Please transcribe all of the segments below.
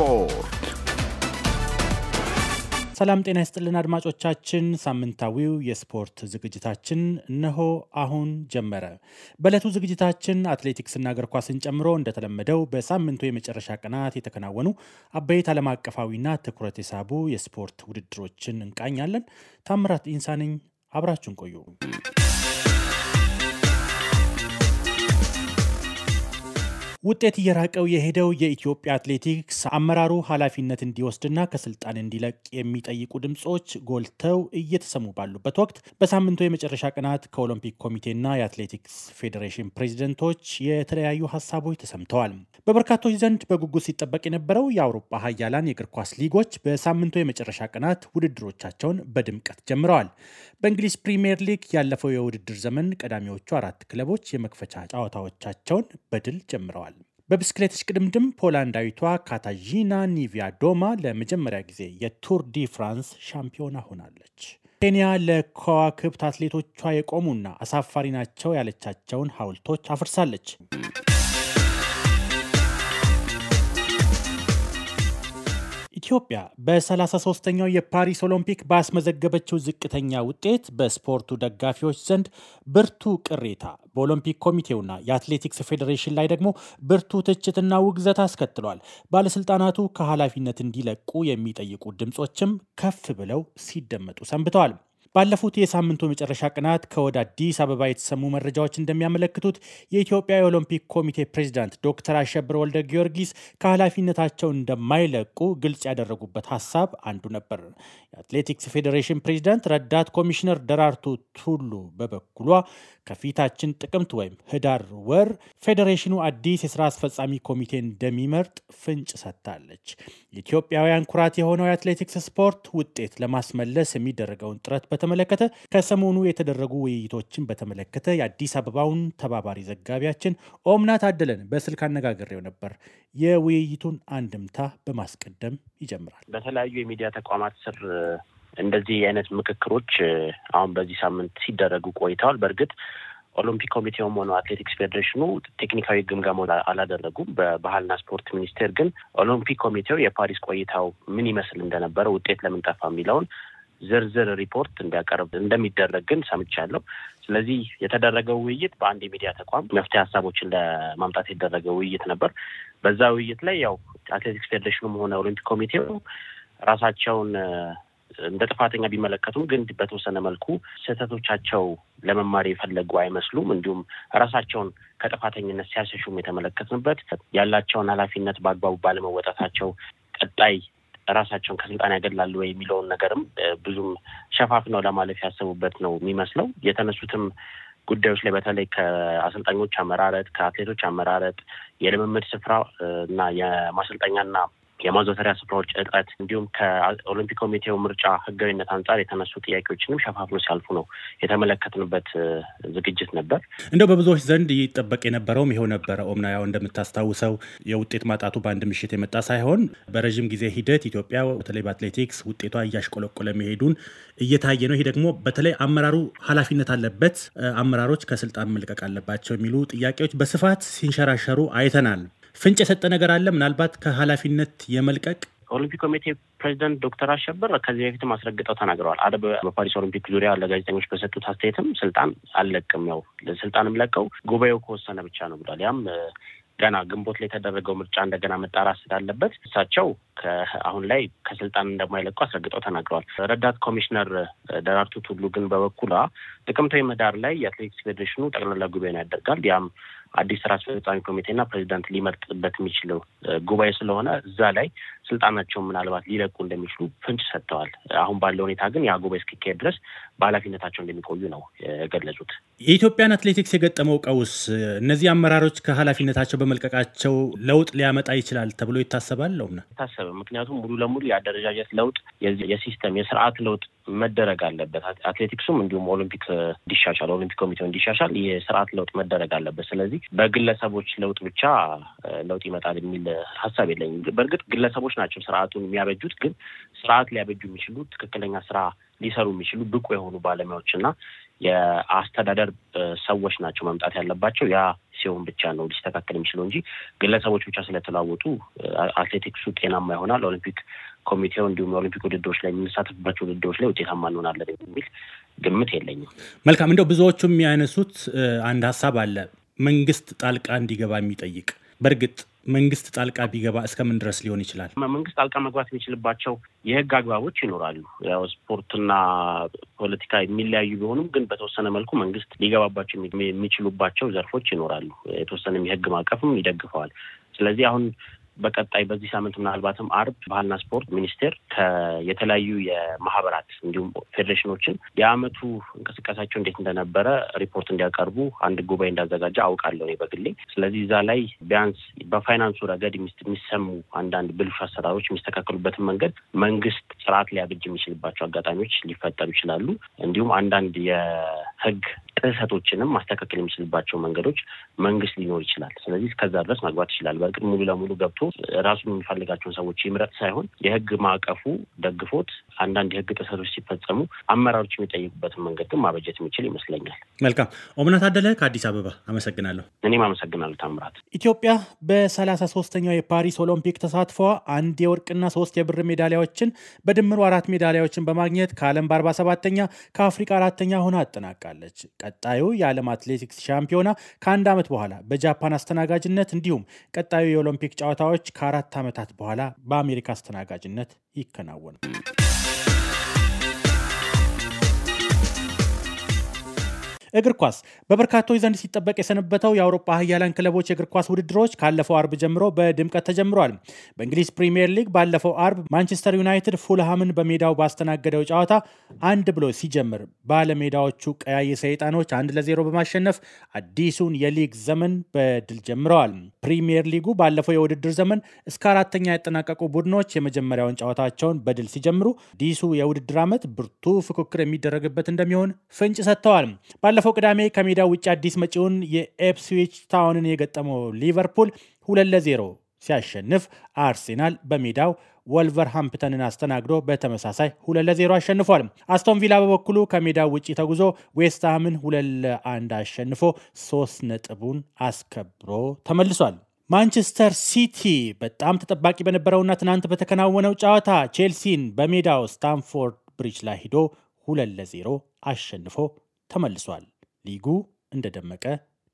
ስፖርት። ሰላም ጤና ይስጥልን አድማጮቻችን፣ ሳምንታዊው የስፖርት ዝግጅታችን እነሆ አሁን ጀመረ። በዕለቱ ዝግጅታችን አትሌቲክስና እግር ኳስን ጨምሮ እንደተለመደው በሳምንቱ የመጨረሻ ቀናት የተከናወኑ አበይት ዓለም አቀፋዊና ትኩረት የሳቡ የስፖርት ውድድሮችን እንቃኛለን። ታምራት ኢንሳንኝ አብራችሁን ቆዩ። ውጤት እየራቀው የሄደው የኢትዮጵያ አትሌቲክስ አመራሩ ኃላፊነት እንዲወስድና ከስልጣን እንዲለቅ የሚጠይቁ ድምፆች ጎልተው እየተሰሙ ባሉበት ወቅት በሳምንቱ የመጨረሻ ቀናት ከኦሎምፒክ ኮሚቴና የአትሌቲክስ ፌዴሬሽን ፕሬዚደንቶች የተለያዩ ሀሳቦች ተሰምተዋል። በበርካቶች ዘንድ በጉጉት ሲጠበቅ የነበረው የአውሮፓ ሀያላን የእግር ኳስ ሊጎች በሳምንቱ የመጨረሻ ቀናት ውድድሮቻቸውን በድምቀት ጀምረዋል። በእንግሊዝ ፕሪምየር ሊግ ያለፈው የውድድር ዘመን ቀዳሚዎቹ አራት ክለቦች የመክፈቻ ጨዋታዎቻቸውን በድል ጀምረዋል። በብስክሌት እሽቅድምድም ፖላንዳዊቷ ካታዢና ኒቪያ ዶማ ለመጀመሪያ ጊዜ የቱር ዲ ፍራንስ ሻምፒዮና ሆናለች። ኬንያ ለከዋክብት አትሌቶቿ የቆሙና አሳፋሪ ናቸው ያለቻቸውን ሐውልቶች አፍርሳለች። ኢትዮጵያ በ33ኛው የፓሪስ ኦሎምፒክ ባስመዘገበችው ዝቅተኛ ውጤት በስፖርቱ ደጋፊዎች ዘንድ ብርቱ ቅሬታ፣ በኦሎምፒክ ኮሚቴውና የአትሌቲክስ ፌዴሬሽን ላይ ደግሞ ብርቱ ትችትና ውግዘት አስከትሏል። ባለስልጣናቱ ከኃላፊነት እንዲለቁ የሚጠይቁ ድምፆችም ከፍ ብለው ሲደመጡ ሰንብተዋል። ባለፉት የሳምንቱ መጨረሻ ቀናት ከወደ አዲስ አበባ የተሰሙ መረጃዎች እንደሚያመለክቱት የኢትዮጵያ የኦሎምፒክ ኮሚቴ ፕሬዚዳንት ዶክተር አሸብር ወልደ ጊዮርጊስ ከኃላፊነታቸው እንደማይለቁ ግልጽ ያደረጉበት ሀሳብ አንዱ ነበር። የአትሌቲክስ ፌዴሬሽን ፕሬዚዳንት ረዳት ኮሚሽነር ደራርቱ ቱሉ በበኩሏ ከፊታችን ጥቅምት ወይም ህዳር ወር ፌዴሬሽኑ አዲስ የስራ አስፈጻሚ ኮሚቴ እንደሚመርጥ ፍንጭ ሰጥታለች። የኢትዮጵያውያን ኩራት የሆነው የአትሌቲክስ ስፖርት ውጤት ለማስመለስ የሚደረገውን ጥረት በተመለከተ ከሰሞኑ የተደረጉ ውይይቶችን በተመለከተ የአዲስ አበባውን ተባባሪ ዘጋቢያችን ኦምና ታደለን በስልክ አነጋግሬው ነበር። የውይይቱን አንድምታ በማስቀደም ይጀምራል። በተለያዩ የሚዲያ ተቋማት ስር እንደዚህ አይነት ምክክሮች አሁን በዚህ ሳምንት ሲደረጉ ቆይተዋል። በእርግጥ ኦሎምፒክ ኮሚቴውም ሆነ አትሌቲክስ ፌዴሬሽኑ ቴክኒካዊ ግምገማ አላደረጉም። በባህልና ስፖርት ሚኒስቴር ግን ኦሎምፒክ ኮሚቴው የፓሪስ ቆይታው ምን ይመስል እንደነበረ ውጤት ለምን ጠፋ የሚለውን ዝርዝር ሪፖርት እንዲያቀርብ እንደሚደረግ ግን ሰምቻለሁ። ስለዚህ የተደረገው ውይይት በአንድ የሚዲያ ተቋም መፍትሄ ሀሳቦችን ለማምጣት የደረገ ውይይት ነበር። በዛ ውይይት ላይ ያው አትሌቲክስ ፌዴሬሽኑም ሆነ ኦሎምፒክ ኮሚቴው ራሳቸውን እንደ ጥፋተኛ ቢመለከቱም ግን በተወሰነ መልኩ ስህተቶቻቸው ለመማር የፈለጉ አይመስሉም። እንዲሁም ራሳቸውን ከጥፋተኝነት ሲያሸሹም የተመለከትንበት ያላቸውን ኃላፊነት በአግባቡ ባለመወጣታቸው ቀጣይ ራሳቸውን ከስልጣን ያገላሉ ወይ የሚለውን ነገርም ብዙም ነው ለማለፍ ያሰቡበት ነው የሚመስለው። የተነሱትም ጉዳዮች ላይ በተለይ ከአሰልጣኞች አመራረጥ፣ ከአትሌቶች አመራረጥ፣ የልምምድ ስፍራ እና የማሰልጠኛና የማዘወተሪያ ስፍራዎች እጥረት እንዲሁም ከኦሎምፒክ ኮሚቴው ምርጫ ህጋዊነት አንጻር የተነሱ ጥያቄዎችንም ሸፋፍኖ ሲያልፉ ነው የተመለከትንበት ዝግጅት ነበር። እንደው በብዙዎች ዘንድ ይጠበቅ የነበረውም ይኸው ነበረ። ኦምና ያው እንደምታስታውሰው የውጤት ማጣቱ በአንድ ምሽት የመጣ ሳይሆን በረዥም ጊዜ ሂደት ኢትዮጵያ በተለይ በአትሌቲክስ ውጤቷ እያሽቆለቆለ መሄዱን እየታየ ነው። ይሄ ደግሞ በተለይ አመራሩ ኃላፊነት አለበት፣ አመራሮች ከስልጣን መልቀቅ አለባቸው የሚሉ ጥያቄዎች በስፋት ሲንሸራሸሩ አይተናል። ፍንጭ የሰጠ ነገር አለ? ምናልባት ከኃላፊነት የመልቀቅ ኦሎምፒክ ኮሚቴ ፕሬዚደንት ዶክተር አሸበር ከዚህ በፊትም አስረግጠው ተናግረዋል። አደ በፓሪስ ኦሎምፒክ ዙሪያ ለጋዜጠኞች በሰጡት አስተያየትም ስልጣን አልለቅም፣ ያው ስልጣንም ለቀው ጉባኤው ከወሰነ ብቻ ነው ብሏል። ያም ገና ግንቦት ላይ የተደረገው ምርጫ እንደገና መጣራት ስላለበት እሳቸው አሁን ላይ ከስልጣን እንደማይለቁ አስረግጠው ተናግረዋል። ረዳት ኮሚሽነር ደራርቱ ቱሉ ግን በበኩሏ ጥቅምት ወይም ህዳር ላይ የአትሌቲክስ ፌዴሬሽኑ ጠቅላላ ጉባኤ ያደርጋል። ያም አዲስ ስራ አስፈጻሚ ኮሚቴና ፕሬዚዳንት ሊመርጥበት የሚችለው ጉባኤ ስለሆነ እዛ ላይ ስልጣናቸውን ምናልባት ሊለቁ እንደሚችሉ ፍንጭ ሰጥተዋል። አሁን ባለው ሁኔታ ግን ያ ጉባኤ እስኪካሄድ ድረስ በኃላፊነታቸው እንደሚቆዩ ነው የገለጹት። የኢትዮጵያን አትሌቲክስ የገጠመው ቀውስ እነዚህ አመራሮች ከኃላፊነታቸው በመልቀቃቸው ለውጥ ሊያመጣ ይችላል ተብሎ ይታሰባል። ለውና ይታሰበ ምክንያቱም ሙሉ ለሙሉ የአደረጃጀት ለውጥ የሲስተም የስርዓት ለውጥ መደረግ አለበት። አትሌቲክሱም እንዲሁም ኦሎምፒክ እንዲሻሻል ኦሎምፒክ ኮሚቴው እንዲሻሻል የስርዓት ለውጥ መደረግ አለበት። ስለዚህ በግለሰቦች ለውጥ ብቻ ለውጥ ይመጣል የሚል ሀሳብ የለኝም። በእርግጥ ግለሰቦች ናቸው ስርዓቱን የሚያበጁት፣ ግን ስርዓት ሊያበጁ የሚችሉ ትክክለኛ ስራ ሊሰሩ የሚችሉ ብቁ የሆኑ ባለሙያዎች እና የአስተዳደር ሰዎች ናቸው መምጣት ያለባቸው። ያ ሲሆን ብቻ ነው ሊስተካከል የሚችለው እንጂ ግለሰቦች ብቻ ስለተለዋወጡ አትሌቲክሱ ጤናማ ይሆናል ኦሎምፒክ ኮሚቴው እንዲሁም የኦሊምፒክ ውድድሮች ላይ የምንሳተፍባቸው ውድድሮች ላይ ውጤታማ እንሆናለን የሚል ግምት የለኝም። መልካም። እንደው ብዙዎቹ የሚያነሱት አንድ ሀሳብ አለ፣ መንግስት ጣልቃ እንዲገባ የሚጠይቅ በእርግጥ መንግስት ጣልቃ ቢገባ እስከምን ድረስ ሊሆን ይችላል? መንግስት ጣልቃ መግባት የሚችልባቸው የህግ አግባቦች ይኖራሉ። ያው ስፖርትና ፖለቲካ የሚለያዩ ቢሆኑም ግን በተወሰነ መልኩ መንግስት ሊገባባቸው የሚችሉባቸው ዘርፎች ይኖራሉ። የተወሰነም የህግ ማዕቀፍም ይደግፈዋል። ስለዚህ አሁን በቀጣይ በዚህ ሳምንት ምናልባትም አርብ ባህልና ስፖርት ሚኒስቴር የተለያዩ የማህበራት እንዲሁም ፌዴሬሽኖችን የአመቱ እንቅስቃሴያቸው እንዴት እንደነበረ ሪፖርት እንዲያቀርቡ አንድ ጉባኤ እንዳዘጋጀ አውቃለሁ እኔ በግሌ። ስለዚህ እዛ ላይ ቢያንስ በፋይናንሱ ረገድ የሚሰሙ አንዳንድ ብልሹ አሰራሮች የሚስተካከሉበትን መንገድ መንግስት ስርዓት ሊያብጅ የሚችልባቸው አጋጣሚዎች ሊፈጠሩ ይችላሉ። እንዲሁም አንዳንድ የህግ ጥሰቶችንም ማስተካከል የሚችልባቸው መንገዶች መንግስት ሊኖር ይችላል። ስለዚህ እስከዛ ድረስ መግባት ይችላል። በእርግጥ ሙሉ ለሙሉ ገብቶ ራሱን የሚፈልጋቸውን ሰዎች ይምረጥ ሳይሆን የህግ ማዕቀፉ ደግፎት አንዳንድ የህግ ጥሰቶች ሲፈጸሙ አመራሮች የሚጠይቁበትን መንገድ ግን ማበጀት የሚችል ይመስለኛል። መልካም ኦምነት አደለ ከአዲስ አበባ አመሰግናለሁ። እኔም አመሰግናለሁ ታምራት። ኢትዮጵያ በሰላሳ ሶስተኛው የፓሪስ ኦሎምፒክ ተሳትፏ አንድ የወርቅና ሶስት የብር ሜዳሊያዎችን በድምሩ አራት ሜዳሊያዎችን በማግኘት ከዓለም በአርባ ሰባተኛ ከአፍሪካ አራተኛ ሆና አጠናቃለች። ቀጣዩ የዓለም አትሌቲክስ ሻምፒዮና ከአንድ ዓመት በኋላ በጃፓን አስተናጋጅነት እንዲሁም ቀጣዩ የኦሎምፒክ ጨዋታዎች ከአራት ዓመታት በኋላ በአሜሪካ አስተናጋጅነት ይከናወናል። እግር ኳስ በበርካቶች ዘንድ ሲጠበቅ የሰነበተው የአውሮፓ ኃያላን ክለቦች የእግር ኳስ ውድድሮች ካለፈው አርብ ጀምሮ በድምቀት ተጀምሯል። በእንግሊዝ ፕሪምየር ሊግ ባለፈው አርብ ማንቸስተር ዩናይትድ ፉልሃምን በሜዳው ባስተናገደው ጨዋታ አንድ ብሎ ሲጀምር ባለሜዳዎቹ ቀያይ ሰይጣኖች አንድ ለዜሮ በማሸነፍ አዲሱን የሊግ ዘመን በድል ጀምረዋል። ፕሪምየር ሊጉ ባለፈው የውድድር ዘመን እስከ አራተኛ ያጠናቀቁ ቡድኖች የመጀመሪያውን ጨዋታቸውን በድል ሲጀምሩ አዲሱ የውድድር ዓመት ብርቱ ፉክክር የሚደረግበት እንደሚሆን ፍንጭ ሰጥተዋል። ባለፈው ቅዳሜ ከሜዳ ውጭ አዲስ መጪውን የኤፕስዊች ታውንን የገጠመው ሊቨርፑል ሁለት ለዜሮ ሲያሸንፍ አርሴናል በሜዳው ወልቨርሃምፕተንን አስተናግዶ በተመሳሳይ ሁለት ለዜሮ አሸንፏል። አስቶን ቪላ በበኩሉ ከሜዳው ውጪ ተጉዞ ዌስትሃምን ሁለት ለአንድ አሸንፎ ሶስት ነጥቡን አስከብሮ ተመልሷል። ማንቸስተር ሲቲ በጣም ተጠባቂ በነበረውና ትናንት በተከናወነው ጨዋታ ቼልሲን በሜዳው ስታንፎርድ ብሪጅ ላይ ሂዶ ሁለት ለዜሮ አሸንፎ ተመልሷል። ሊጉ እንደደመቀ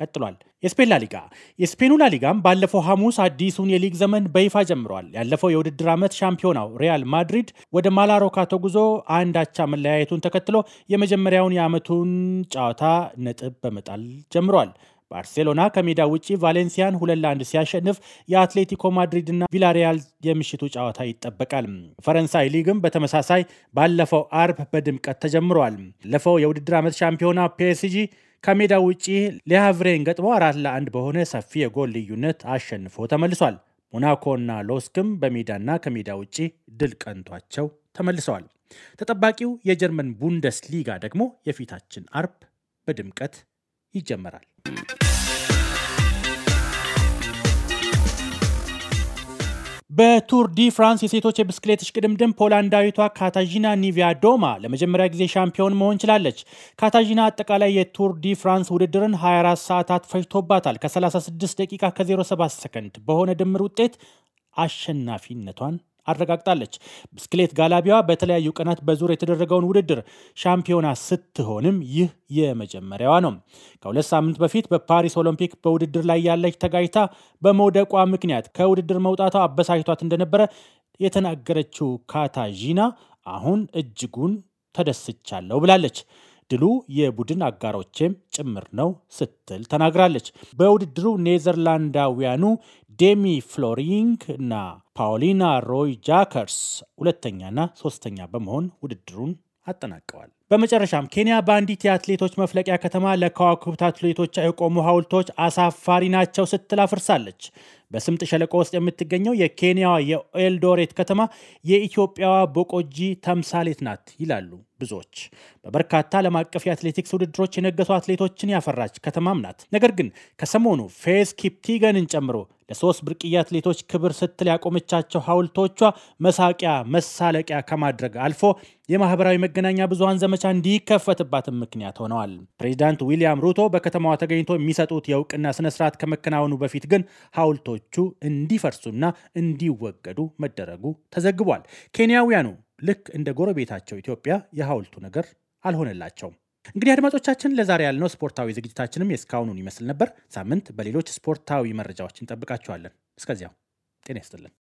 ቀጥሏል። የስፔን ላሊጋ የስፔኑ ላሊጋም ባለፈው ሐሙስ አዲሱን የሊግ ዘመን በይፋ ጀምሯል። ያለፈው የውድድር ዓመት ሻምፒዮናው ሪያል ማድሪድ ወደ ማላሮካ ተጉዞ አንድ አቻ መለያየቱን ተከትሎ የመጀመሪያውን የዓመቱን ጨዋታ ነጥብ በመጣል ጀምሯል። ባርሴሎና ከሜዳ ውጪ ቫሌንሲያን ሁለት ለአንድ ሲያሸንፍ የአትሌቲኮ ማድሪድና ቪላሪያል የምሽቱ ጨዋታ ይጠበቃል። ፈረንሳይ ሊግም በተመሳሳይ ባለፈው አርብ በድምቀት ተጀምሯል። ለፈው የውድድር ዓመት ሻምፒዮና ፒኤስጂ ከሜዳ ውጪ ሌሃቭሬን ገጥሞ አራት ለአንድ በሆነ ሰፊ የጎል ልዩነት አሸንፎ ተመልሷል። ሞናኮና ሎስክም በሜዳና ከሜዳ ውጪ ድል ቀንቷቸው ተመልሰዋል። ተጠባቂው የጀርመን ቡንደስሊጋ ደግሞ የፊታችን አርብ በድምቀት ይጀመራል። በቱር ዲ ፍራንስ የሴቶች የብስክሌት እሽቅድምድም ፖላንዳዊቷ ካታዥና ዶማ ለመጀመሪያ ጊዜ ሻምፒዮን መሆን ችላለች። ካታዥና አጠቃላይ የቱር ዲ ፍራንስ ውድድርን 24 ሰዓታት ፈጅቶባታል። ከ36 ደቂቃ ከ07 ሰከንድ በሆነ ድምር ውጤት አሸናፊነቷን አረጋግጣለች። ብስክሌት ጋላቢዋ በተለያዩ ቀናት በዙር የተደረገውን ውድድር ሻምፒዮና ስትሆንም ይህ የመጀመሪያዋ ነው። ከሁለት ሳምንት በፊት በፓሪስ ኦሎምፒክ በውድድር ላይ ያለች ተጋጭታ በመውደቋ ምክንያት ከውድድር መውጣቷ አበሳጭቷት እንደነበረ የተናገረችው ካታዢና አሁን እጅጉን ተደስቻለሁ ብላለች። ድሉ የቡድን አጋሮቼም ጭምር ነው ስትል ተናግራለች። በውድድሩ ኔዘርላንዳውያኑ ዴሚ ፍሎሪንግ እና ፓውሊና ሮይ ጃከርስ ሁለተኛና ሶስተኛ በመሆን ውድድሩን አጠናቀዋል። በመጨረሻም ኬንያ በአንዲት የአትሌቶች መፍለቂያ ከተማ ለከዋክብት አትሌቶች የቆሙ ሐውልቶች አሳፋሪ ናቸው ስትል አፍርሳለች። በስምጥ ሸለቆ ውስጥ የምትገኘው የኬንያዋ የኤልዶሬት ከተማ የኢትዮጵያዋ ቦቆጂ ተምሳሌት ናት ይላሉ ብዙዎች። በበርካታ ዓለም አቀፍ የአትሌቲክስ ውድድሮች የነገሱ አትሌቶችን ያፈራች ከተማም ናት። ነገር ግን ከሰሞኑ ፌዝ ኪፕቲገንን ጨምሮ ለሶስት ብርቅዬ አትሌቶች ክብር ስትል ያቆመቻቸው ሐውልቶቿ መሳቂያ መሳለቂያ ከማድረግ አልፎ የማህበራዊ መገናኛ ብዙሃን ዘመቻ እንዲከፈትባትም ምክንያት ሆነዋል። ፕሬዚዳንት ዊሊያም ሩቶ በከተማዋ ተገኝቶ የሚሰጡት የእውቅና ስነስርዓት ከመከናወኑ በፊት ግን ሐውልቶቹ እንዲፈርሱና እንዲወገዱ መደረጉ ተዘግቧል። ኬንያውያኑ ልክ እንደ ጎረቤታቸው ኢትዮጵያ የሐውልቱ ነገር አልሆነላቸውም። እንግዲህ አድማጮቻችን ለዛሬ ያልነው ስፖርታዊ ዝግጅታችንም የእስካሁኑን ይመስል ነበር። ሳምንት በሌሎች ስፖርታዊ መረጃዎች እንጠብቃችኋለን። እስከዚያው ጤና ይስጥልን።